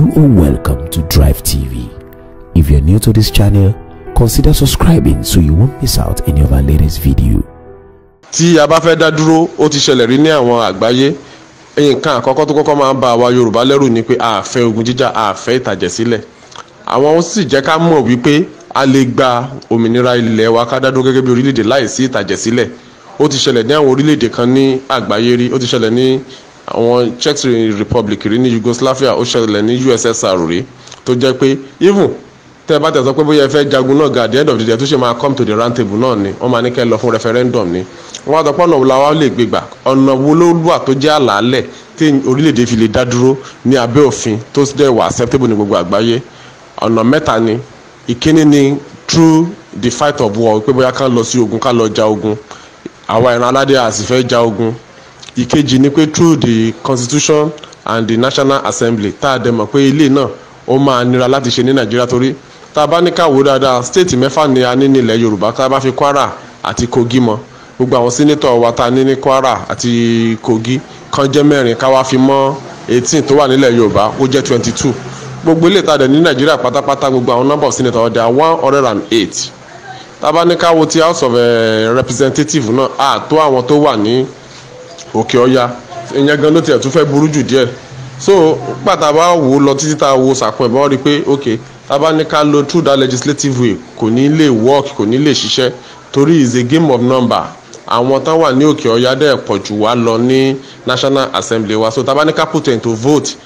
You are welcome to Drive TV. If you're new to this channel, consider subscribing so you won't miss out any of our latest video. Tí a bá fẹ́ dá dúró, ó ti ṣẹlẹ̀ rí ní àwọn àgbáyé. Nǹkan àkọ́kọ́ tó kọ́kọ́ máa ń ba àwa Yorùbá lẹ́rù ni pé a fẹ́ ogun jíjà, a fẹ́ ìtàjẹ̀sílẹ̀. Àwọn ó sì jẹ́ ká mọ̀ wípé a lè gba òmìnira ilẹ̀ wa ká dá dúró gẹ́gẹ́ bí orílẹ̀-èdè láìsí ìtàjẹ̀sílẹ̀. Ó ti ṣẹlẹ̀ ní àwọn orílẹ̀ kan ní àgbáyé rí, ó ti ṣẹlẹ̀ ní àwọn Czech Republic rí ní Yugoslavia ó ṣẹlẹ̀ ní USSR rí tó jẹ́ pé even tẹ́ bá tẹ̀ sọ pé bóyá ẹ fẹ́ jagun náà ga the end of the day tó ṣe máa come to the round table náà ni wọ́n máa ní kẹ́ lọ fún referendum ni wọ́n á tọpọ́ ọ̀nà wo la wá lè gbé gbà ọ̀nà wo ló wà tó jẹ́ àlàálẹ̀ tí orílẹ̀-èdè fi lè dá dúró ní abẹ́ òfin tó dẹ̀ wà acceptable ní gbogbo àgbáyé ọ̀nà mẹ́ta ni ìkíní ni through the fight of war pé bóyá ká lọ sí ogun ká lọ ja ogun àwa ìran aládé àsìfẹ́ ja ogun ìkejì ni pé through the constitution and the national assembly tá a dẹ̀ mọ̀ pé ilé náà ó máa nira láti ṣe ní nàìjíríà torí tá a bá ní káwọ́ dáadáa stéètì mẹ́fà ni a ní nílẹ̀ yorùbá tá a bá fi kwara àti kogi mọ́ gbogbo àwọn sínétọ̀ wa tá a ní ní kwara àti kogi kan jẹ́ mẹ́rin ká fi mọ́ eighteen tó wà nílẹ̀ yorùbá ó jẹ́ twenty two gbogbo ilé ìtajà ní nàìjíríà pátápátá gbogbo àwọn nọ́mbà sínétọ̀ ọjà one hundred and eight tá a bá ní káwọ́ ti house of uh, eh, representatives náà àtó àwọn tó wà ní òkè ọya ìyẹn gan ló tiẹ̀ tún fẹ́ burú jù díẹ̀ so pàtà bá wò ó lọ títí tá a wo sàpọ̀ ẹ̀ bá rí i pé ok tá a bá ní ká lo through that legislative way kò ní lè work kò ní lè ṣiṣẹ́ torí is a game of number àwọn tán wà ní òkè ọya dẹ̀ pọ̀ jù wá lọ ní national assembly wa so tá a bá ní ká put into vote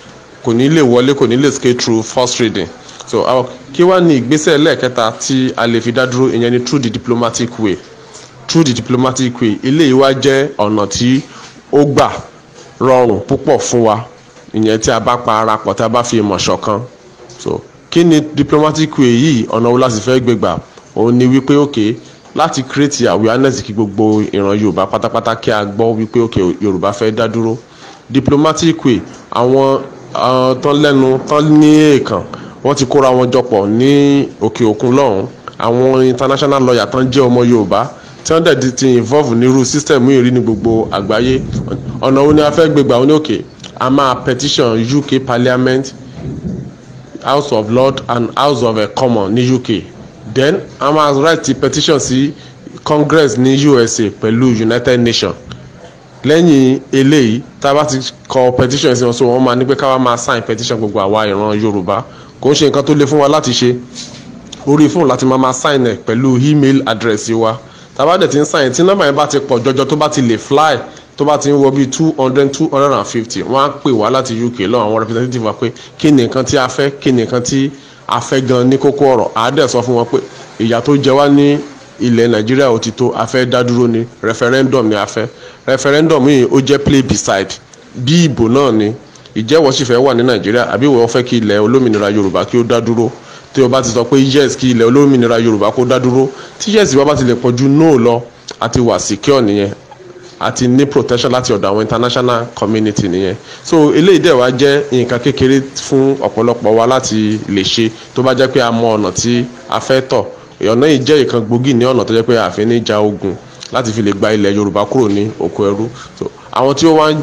kò ní lè wọlé kò ní lè scale through first reading so kí wá ní ìgbésẹ̀ lẹ́ẹ̀kẹta tí a lè fi dá dúró ìyẹn ni through the diplomatic way through the diplomatic way eléyìí wá jẹ́ ọ̀nà tí ó gbà rọrùn púpọ̀ fún wa ìyẹn tí a bá pa ara pọ̀ tá a bá fi ìmọ̀ ṣọ̀kan so kí ni diplomatic way yìí ọ̀nà wo láti fẹ́ gbégbà òun ni wípé òkè láti create awareness kí gbogbo ìran yorùbá pátápátá kí a gbọ́ wípé òkè yorùbá fẹ́ dá dúró diplomatic way àwọn ah, tán lẹ́nu tán ní èèkàn wọ́n ti kóra wọn jọpọ̀ ní òkè òkun lọ́hùn-ún àwọn international lawyer tán jẹ́ ọmọ yorùbá tí wọ́n dẹ̀ ti involve nírú system yìí rí ní gbogbo àgbáyé ọ̀nà wo ni a fẹ́ gbégbà wọn ní òkè a máa petition UK Parliament House of Lords and House of a Commons ní UK then a máa write petition sí Congress ní USA pẹ̀lú United Nations lẹ́yìn eléyìí tá a bá ti kọ petition sí wọn so wọ́n máa ní pé káwa máa sign petition gbogbo àwa ìran Yorùbá kò ń ṣe nǹkan tó le fún wa láti ṣe orí fóònù láti máa máa sign ẹ̀ pẹ̀lú email address wa tábàdẹ̀ ti ń sàn yẹn tí nọ́mbà yẹn bá ti pọ̀ jọjọ tó bá ti lè fly tó bá ti ń wọ bíi two hundred two hundred and fifty wọ́n á pè wá láti UK lọ́wọ́ àwọn representative wa pé kí ni nǹkan tí a fẹ́ kí ni nǹkan tí a fẹ́ gan ní kókó ọ̀rọ̀ àádẹ́ sọ fún wọn pé ìyà tó jẹ wá ní ilẹ̀ Nàìjíríà ó ti tó a fẹ́ dá dúró ni referendum ni a fẹ́ referendum yìí ó jẹ́ play beside bí ìbò náà ni ìjẹ́wọ́ sì fẹ́ wà ní Nàìjíríà àbí ìwọ fẹ́ kí ilẹ̀ olómìnira Yorùbá kí ó dá dúró tí o bá ti sọ pé yes kí ilẹ̀ olómìnira yorùbá kó dá dúró tí yes bá bá ti lè pọ̀jù no lọ àti wà secure nìyẹn àti ní protection láti ọ̀dọ̀ àwọn international community nìyẹn so eléyìí dẹ̀ jẹ́ nǹkan kékeré fún ọ̀pọ̀lọpọ̀ wa láti lè ṣe tó bá jẹ́ pé a mọ ọ̀nà tí a fẹ́ tọ̀ ọ̀nà yìí jẹ́ ìkan gbòógì ní ọ̀nà tó jẹ́ pé àfi ní ja ogun láti fi lè gba ilẹ̀ yorùbá kúrò ní oko ẹrú so àwọn tí ó wá ń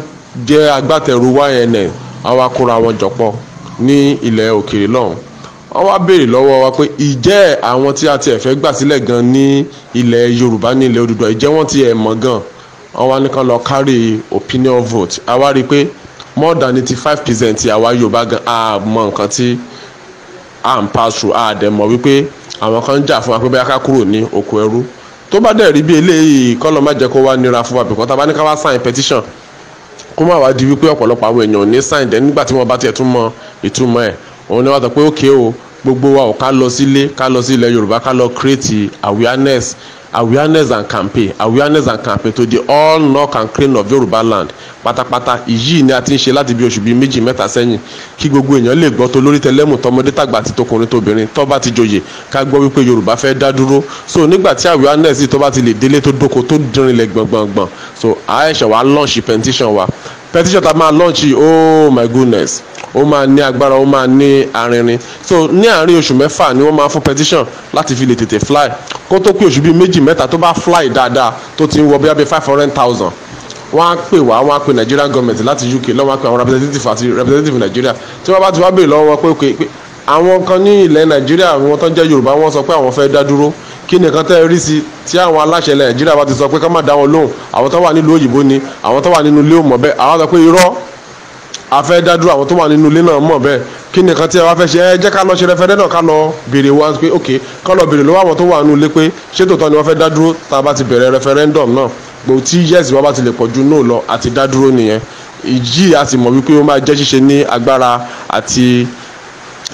jẹ́ agbátẹrù ynl àwọn akóra wọn jọ̀pọ̀ ní ilẹ̀ òkèèrè lọ́hùn-ún wọ́n wá béèrè lọ́wọ́ wa pé ìjẹ́ àwọn tí a ti ẹ̀fẹ́ gbà sílẹ̀ gan ní ilẹ̀ yorùbá ní ilẹ̀ Odùduwà ìjẹ́ wọ́n ti ẹ̀ mọ̀ gan wọ́n wá nìkan lọ kárí opinion vote a wá rí i pé more than eighty five percent àwa yorùbá gan a mọ̀ nǹkan tí à ń pass through a dẹ̀ mọ̀ wípé àwọn kan ń jà fún wa pé bẹ́ẹ̀ ká kúrò ní oko ẹrú tó bá dẹ̀ rí bí eléyìí kọ́ ló má jẹ́ kó wá nira fún wa bìkọ́ tá a bá ní ká wá sign petition kó má wá di wípé ọ̀pọ̀lọpọ̀ àwọn èèyàn ní sign dẹ̀ nígbà tí wọ́n bá tiẹ̀ tún mọ ìtumọ̀ ẹ̀ òun ni wọ́n sọ pé ókè o gbogbo wa ò ká lọ sílé ká lọ sí ilẹ̀ Yorùbá ká lọ create awareness awareness and campaign awareness and campaign to the all knock and clean of Yorùbá land pátápátá èyí ni a ti ń ṣe láti bí oṣù bíi méjì mẹ́ta sẹ́yìn kí gbogbo èèyàn lè gbọ́ tó lórí tẹlẹ́mù tọmọdé tàgbà àti tọkùnrin tóbìnrin tó bá ti jòyè ká gbọ́ wípé Yorùbá fẹ́ dá dúró so nígbà tí awareness yìí tó bá ti lè délé tó dóko tó dìrinlẹ̀ gbọ̀ngbọ̀ngbọ̀n so àá wa wá launch petition wa petition ta máa launch oh my goodness ó máa ní agbára ó máa ní arinrin so ní àárín oṣù mẹ́fà ni wọ́n máa fún petition láti fi lè tètè fly kó tó pé oṣù bíi méjì mẹ́ta tó bá fly dáadáa tó ti ń wọ bíi five hundred thousand wọ́n á pè wá wọ́n á pè Nigerian government láti UK lọ́wọ́n á pè àwọn representative àti representative Nigeria tí wọ́n bá ti wá béèrè lọ́wọ́ wọn pé pé àwọn kan ní ilẹ̀ Nigeria wọn tán jẹ́ Yorùbá wọ́n sọ pé àwọn fẹ́ dá dúró kí nìkan tẹ́ rí sí tí àwọn aláṣẹ nàìjíríà bá ti sọ pé ká má dá wọn lóhùn àwọn tó wà nílùú òyìnbó ni àwọn tó wà nínú ilé ò mọ̀ bẹ́ẹ̀ àwọn sọ pé irọ́ afẹ́ dádúró àwọn tó wà nínú ilé náà mọ̀ bẹ́ẹ̀ kí nìkan tí ẹ wá fẹ́ ṣe ẹ jẹ́ ká lọ ṣe rẹfẹrẹ́dọ̀ ká lọ béèrè wa pé ok ká lọ béèrè lọ́wọ́ àwọn tó wà nínú ilé pé ṣé tòótọ́ ni wọ́n fẹ́ dádúró tá a bá ti bẹ̀rẹ̀ rẹfẹrẹ́ndọ̀m náà gbò tí yes wọn bá ti lè pọ̀ ju no lọ àti dádúró nìyẹn ìjì àti mọ̀ wípé ó máa jẹ́ ṣíṣe ní agbára àti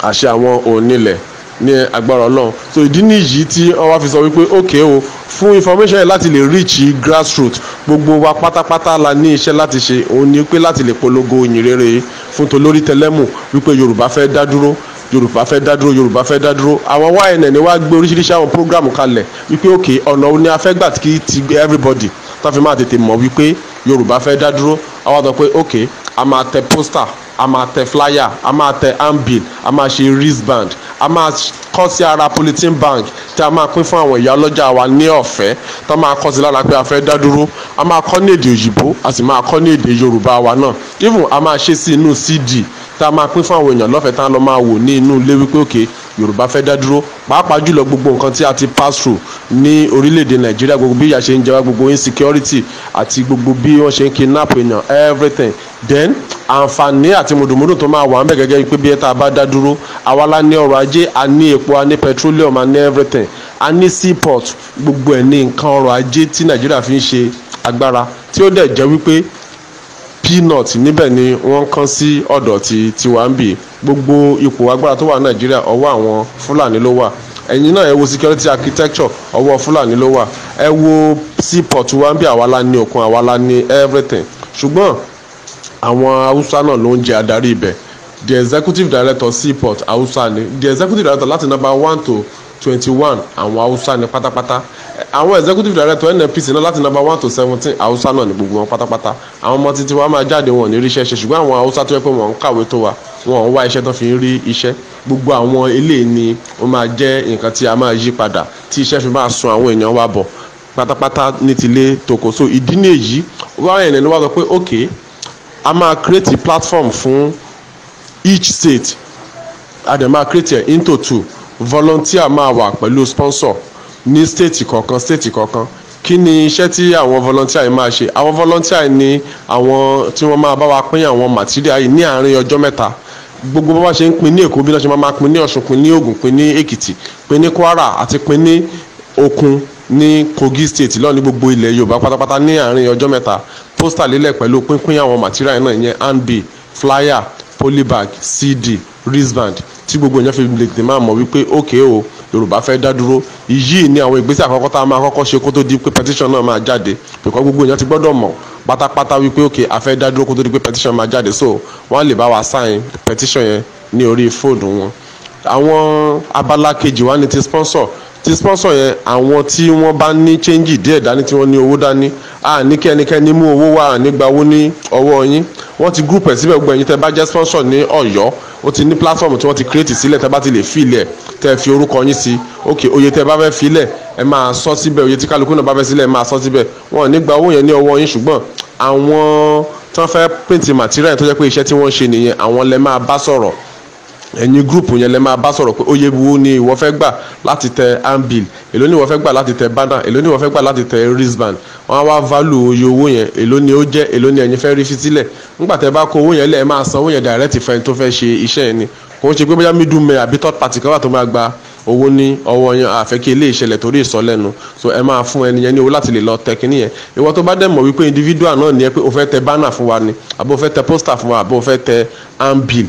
àṣẹ àwọn onílẹ̀ ní agbára ọlọ́run so ìdí nìyí tí wọ́n wá fi sọ wípé okay o fún information yẹn láti lè reach grassroots gbogbo wa pátápátá la ní iṣẹ́ láti ṣe òun ni pé láti lè polongo ìyìn rere fún tolórí tẹlẹ́mù wípé yorùbá fẹ́ dá dúró yorùbá fẹ́ dá dúró yorùbá fẹ́ dá dúró àwọn ynn ni gbé oríṣiríṣi àwọn programu kalẹ̀ wípé okay ọ̀nà ni a fẹ́ gbà ti everybody tá fi máa tètè mọ̀ wípé yorùbá fẹ́ dá dúró àwọn àtọ̀ pé okay a máa tẹ poster a máa tẹ flyer a máa tẹ handbill a máa ṣe wristband a máa kọ́ sí ara polythene bank tí a máa pín fún àwọn ìyá ọlọ́jà wa ní ọ̀fẹ́ tó máa kọ́ sí lára pé a fẹ́ dá dúró a máa kọ́ ní èdè òyìnbó a sì máa kọ́ ní èdè yorùbá wa náà even a máa ṣe sí inú cd tá a máa pín fún àwọn èèyàn lọ́fẹ̀ẹ́ tá a lọ máa wò ní inú ilé wípé òkè yorùbá fẹ́ dá dúró pàápàá jùlọ gbogbo nǹkan tí a ti pass through ní orílẹ̀-èdè nàìjíríà gbogbo bí ìyà ṣe ń jẹ gbogbo insecurity àti gbogbo bí wọ́n ṣe ń kidnap èèyàn everything then àǹfààní àti mùdùmùdù tó máa wà ń bẹ̀ gẹ́gẹ́ pé bí ẹ tá a bá dá dúró àwa la ní ọrọ̀ ajé a ní epo a ní petroleum a ní everything a ní seaport gbogbo ẹ̀ ní nǹkan ọrọ̀ ajé tí nàìjíríà fi ń ṣe agbára tí ó dẹ̀ jẹ́ wípé peanut níbẹ̀ ni wọ́n kàn sí ọ̀dọ̀ ti tiwa ń bì gbogbo ipò agbára tó wà ní nàìjíríà ọwọ́ àwọn fúlàní ló wà ẹ̀yin náà ẹ wo security architecture ọwọ́ fúlàní ló wà ẹ wo seaport wa ń bí àwa la ní òkun àwa ní everything ṣùgbọ́n àwọn haúsá náà ló ń jẹ adarí ibẹ̀ the executive director seaport hausa ni the executive director láti number one to twenty one àwọn haúsá ní pátápátá àwọn executive director nnpc náà láti number one to seventeen haúsá náà ní gbogbo wọn pátápátá àwọn ọmọ títí wa máa jáde wọn ní ríṣẹ́ ṣe ṣùgbọ́n àwọn haúsá tó yẹ pé wọ́n ń kàwé tó wa wọ́n ń wá iṣẹ́ tó fi ń rí iṣẹ́ gbogbo àwọn eléyìí ni ó máa jẹ́ nǹkan tí a máa yí padà tí iṣẹ́ fi máa sun àwọn èèyàn wa bọ̀ pátápátá ní tilé toko so ìdí ní èyí wáyé ẹ̀nẹ́ ló wá sọ pé ok a máa create platform fún each state a dẹ̀ máa create into two volunteer máa wà pẹ̀lú sponsor ní state kọ̀ọ̀kan state kọ̀ọ̀kan kí ni iṣẹ́ tí àwọn volunteer yìí máa ṣe àwọn volunteer yìí ni àwọn tí wọ́n máa bá wa pín àwọn material yìí ní àárín ọjọ́ mẹ́ta gbogbo bá wa ṣe ń pín ní èkó bí wọ́n ṣe máa pín ní ọ̀ṣun pín ní ògùn pín ní èkìtì pín ní kwara àti pín ní òkun ní kogi state lọ́ọ̀ni gbogbo ilẹ̀ yorùbá pátápátá ní àárín ọjọ́ mẹ́ta pósítà lélẹ̀ pẹ̀lú pínpín àwọn material náà ìyẹn handbill flyer polybag cd wristband tí gbogbo èèyàn fi lè tè máa mọ̀ wípé ókè o yorùbá fẹ́ dá dúró yìí ni àwọn ìgbésẹ̀ àkọ́kọ́ tá a máa kọ́kọ́ ṣe kó tó di pé petition náà máa jáde pẹ̀kọ́ gbogbo èèyàn ti gbọ́dọ̀ mọ̀ pátápátá wípé ókè a fẹ́ dá dúró kó tó di pé petition máa jáde so wọ́n á lè bá wa sign petition yẹn ní orí fóònù wọn. àwọn abala kejì wa ni ti sponsor ti sponsor yẹn àwọn tí wọ́n bá ní change díẹ̀ dání tí wọ́n ní owó dání à ní kí ẹnikẹ́ni mú owó wá nígbà owó ní ọwọ́ yín wọ́n ti group ẹ̀ síbẹ̀ gbogbo ẹ̀yin tẹ́ bá jẹ́ sponsor ní ọ̀yọ́ ó ti ní platform tí wọ́n ti create sílẹ̀ tẹ́ bá ti lè fi ilẹ̀ tẹ́ fi orúkọ yín sí ok oye tẹ́ bá fẹ́ fi ilẹ̀ ẹ máa sọ síbẹ̀ oye tí kálukú náà bá fẹ́ sílẹ̀ ẹ máa sọ síbẹ̀ wọn ò ní gba owó yẹn ní ọwọ́ yín ṣùgbọ́n àwọn tí wọ́n fẹ́ print material tó jẹ́ pé iṣẹ́ tí wọ́n ṣe nìyẹn àwọn lẹ máa bá sọ̀rọ̀ ẹ̀yin gúrùpù yẹn lẹ́ máa bá sọ̀rọ̀ pé oye wo ni ìwọ fẹ́ gbà láti tẹ handbill èló ni ìwọ fẹ́ gbà láti tẹ banner èló ni ìwọ fẹ́ gbà láti tẹ wristband wọ́n á wá value oye owó yẹn èló ni ó jẹ́ èló ni ẹ̀yin fẹ́ rí fitílẹ̀ nígbà tẹ́ bá kó owó yẹn lẹ́ẹ̀ máa san owó yẹn direct fẹ́ni tó fẹ́ ṣe iṣẹ́ yẹn ni kò ń ṣe pé bóyá middle man àbí third party kan wà tó máa gba owó ní ọwọ́ yẹn àfẹ́ kí ilé ìṣẹ̀lẹ̀ torí ìsọlẹ́nu so ẹ máa fún ẹni yẹn ní owó láti lè lọ tẹ yẹn ìwọ tó bá dẹ̀ mọ̀ wípé individual náà ni ẹ pé o fẹ́ tẹ banner fún wa ni àbí o fẹ́ tẹ poster fún wa àbí o fẹ́ tẹ handbill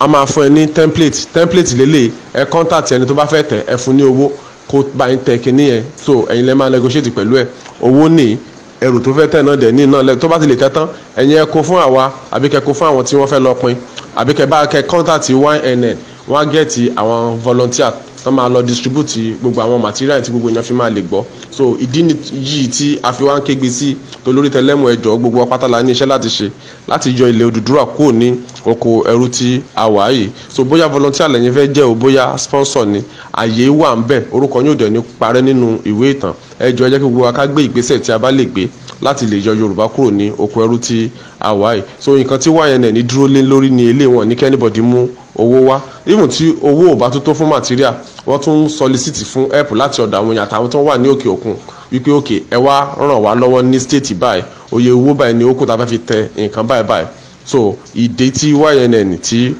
a máa fún ẹ ní template template lélẹ̀ ẹ contact ẹni tó bá fẹ́ tẹ̀ ẹ fún ní owó kó bá ń tẹ̀ kíní yẹn so ẹ̀yin lẹ́ máa negotiate pẹ̀lú ẹ̀ owó ní ẹrù tó fẹ́ tẹ̀ náà dẹ̀ ní náà tó bá ti lè tẹ́ tán ẹ̀yin ẹ kó fún àwa àbí kẹ́ kó fún àwọn tí wọ́n fẹ́ lọ pin àbí kẹ́ bá kẹ́ contact ynn wọ́n á gẹ̀ẹ́tì àwọn volunteer tán máa lọ distribute gbogbo àwọn material tí gbogbo èèyàn fi máa lè gbọ́ so ìdí yìí tí a fi wá ń kégbe sí tolórí tẹlẹ́mù ẹ̀jọ̀ gbogbo apátálá ní iṣẹ́ láti ṣe láti yọ ilẹ̀ Odùduwà kúrò ní oko ẹrú tí a wà yìí so bóyá volunteer lẹ́yìn fẹ́ jẹ́ o bóyá sponsor ni àyè wà ń bẹ̀ orúkọ yóò dẹ̀ ní parẹ́ nínú ìwé ìtàn ẹ̀jọ̀ ẹ jẹ́ kí gbogbo wa ká gbé ìgbésẹ̀ tí a bá lè gbé láti lè yọ Yorùbá kúrò ní oko ẹrú tí a wà yìí so nǹkan tí wáyẹn nẹ̀ ní dúró lé lórí ni eléwọ̀n ní kẹ́nìbọ̀dì mú owó wá even tí owó ò bá tó tó fún material wọ́n tún solicit fún help láti ọ̀dọ̀ àwọn èèyàn àtàwọn tó wà ní òkè òkun wípé òkè ẹ wá ràn wá lọ́wọ́ ní state báyìí oye owó báyìí ni ó kù tá a fi tẹ nǹkan báyìí báyìí so ìdè tí YNN tí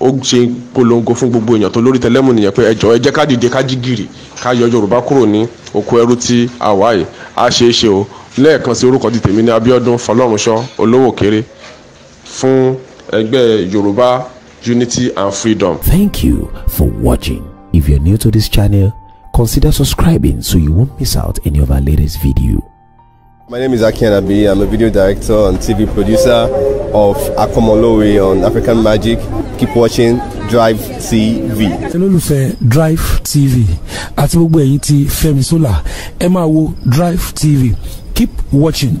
ó ṣe polongo fún gbogbo èèyàn tó lórí tẹlẹmù nìyẹn pé ẹjọ ẹ jẹ́ ká dìde ká jí gìrì ká yọ Yorùbá kúrò ní oko ẹrú tí àwa yìí á ṣe é ṣe o lẹ́ẹ̀kan sí orúkọ ti tèmi ní Abíọ́dún Fọlọ́runṣọ́ olówó kéré fún ẹgbẹ́ Yorùbá unity and freedom. Thank you for watching. If you're new to this channel, consider subscribing so you won't miss out any of our latest video. My name is Akian Abi. I'm a video director and TV producer of Akomolowe on African Magic. Keep watching Drive TV. olólùfẹ́ Drive TV àti gbogbo ẹ̀yin tí Fẹ́mi Sola Emma wo Drive TV. Keep watching.